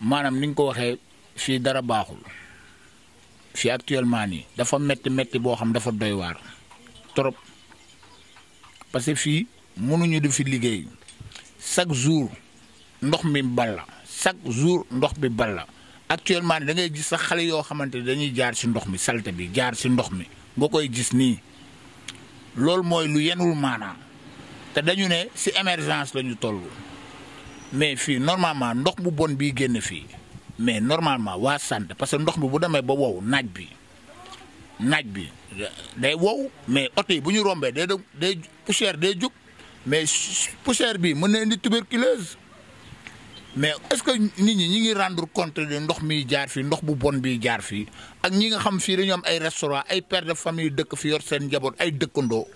maanaam ni nga ko waxee fii dara baaxul fii actuellement nii dafa metti metti boo xam dafa doy waar trop parce que fii mënuñu di fi liggéey chaque jour ndox mi la chaque jour ndox mi bi la actuellement da ngay gis sax xale yoo xamante ne dañuy jaar si ndox mi salte bi jaar si ndox mi nga koy gis nii loolu mooy lu yenul maanaam te dañu ne si émergence la ñu toll. mais fii normalement ndox bu bon bii génn fii mais normalement waa sant parce que ndox mi bu demee ba wow naaj bi naaj bi day wow mais oto yi bu ñu rombee day day poussière day jóg mais poussière bi mën na indi tuberculose mais est-ce que nit ñi ñi ngi rendre compte ndox mi jaar fi ndox bu bon bi jaar fii ak ñi nga xam fii dañu ñoom ay restaurant ay père de famille dëkk fi yor seen njaboot ay dëkkandoo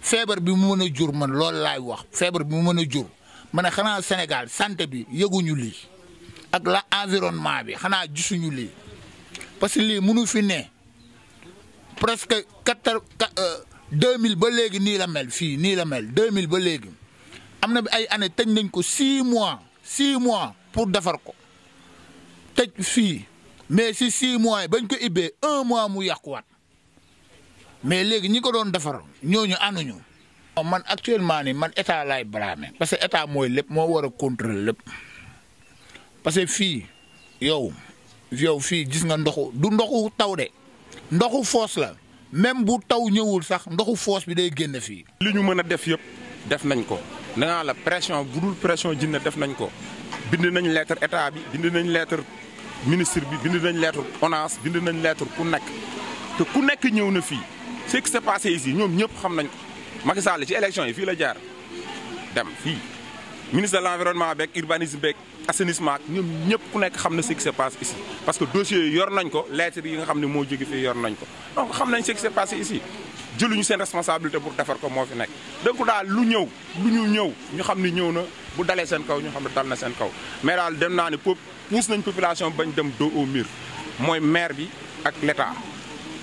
feebar bi mu mën a jur man loolu laay wax feebar bi mu mën a jur ma ne xanaa Sénégal santé bi yëguñu lii ak la environnement bi xanaa gisuñu lii parce que lii mënu fi ne presque quatre euh, deux mille ba léegi nii la mel fii nii la mel mille ba léegi am na bi ay année tëj nañ ko si mois si mois pour defar ko tëj fii mais si si mois bañ ko ibbee un mois mu yàquwaat mais léegi ñi ko doon defar ñooñu ànduñu man actuellement ni man état lay blâmer parce que état moy lepp mo wara a contrôler lépp parce que fi yow yow fi gis nga ndoxu du ndoxu taw de ndoxu foos la même bu taw ñewul sax ndoxu foos bi day génn fi li ñu mën def yëpp def nañ ko nee naa la pression budul pression jinne def nañ ko bind nañ lettre état bi bind nañ lettre ministre bi bind nañ lettre ONAS bind nañ lettre ku nek te ku nek ñew na fi ce qui s'est passé ici ñom ñëpp xam nañ ko. Macky Sall ci élection yi fi la jaar dem fi ministre de l'environnement environnement urbanisme beeg assainissement ñom ñoom ku nek xam ce qui se passe ici. parce que dossier yi yor nañ ko lettres yi nga xam mo moo fi yor nañ ko donc xam nañ ce qui se passe ici jëluñu sen responsabilité pour defar ko moo fi nekk. donc daal lu ñew lu ñu ñew ñu xam ne na bu dalé sen kaw ñu xam ne dal na seen kaw mais dal dem na ni pousse nañ population bañ dem do au mur moy maire bi ak l'état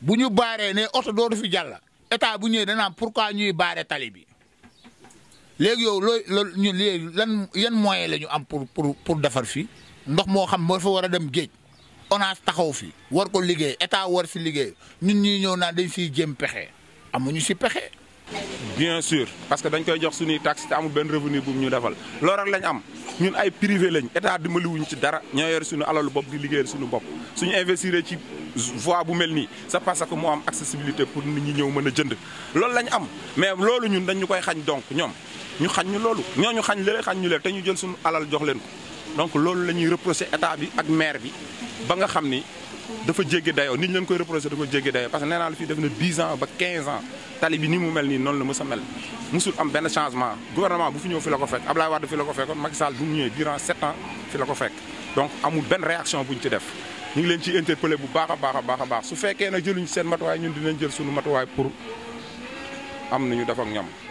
bu ñu baaree ne oto dootu fi jàlla état bu ñëwee dana am pourquoi ñuy baare tali bi léegi yow looy loolu ñun léegi lan yan moyen la ñu am pour pour pour defar fii ndox moo xam moo fa war a dem géej ONAS taxaw fi war ko liggéey état war si liggéey ñun ñuy ñëw naan dañ siy jëm pexe amuñu si pexe. bien sûr parce que dañ koy jox suñuy taxe te amul benn revenu bu ñu defal loolu rek lañ am. ñun ay privé lañ état dimbali wuñ ci dara ñoo yor suñu alalu bopp di liggéeyal suñu bopp suñu investir ci voie bu mel nii c'est parce que moo am accessibilité pour nit ñi ñëw mën a jënd loolu lañu am mais loolu ñun dañ ñu koy xañ donc ñoom ñu xañ ñu loolu ñu xañ lële xañ ñu leen te ñu jël suñu alal jox leen ko donc loolu lañuy ñuy état bi ak maire bi ba nga xamni dafa jéggi dayo nit ñu leen koy reproché dafa jéggi dayo parce que néna lu fi def na 10 ans ba 15 ans tali bi ni mu mel nii noonu la mësa mel musul am ben changement gouvernement bu fi ñëw fi la ko fekk ablaye Wade fi la ko fekkoon Macky Sall bu ñëw durant 7 ans fi la ko fekk donc amul ben réaction buñ ci def ñu ngi leen ci interpeller bu baaxa baaxa baaxa baax su fekkee na jëluñ seen matuwaay ñun dinañ jël suñu matuwaay pour am nañu def ak ñam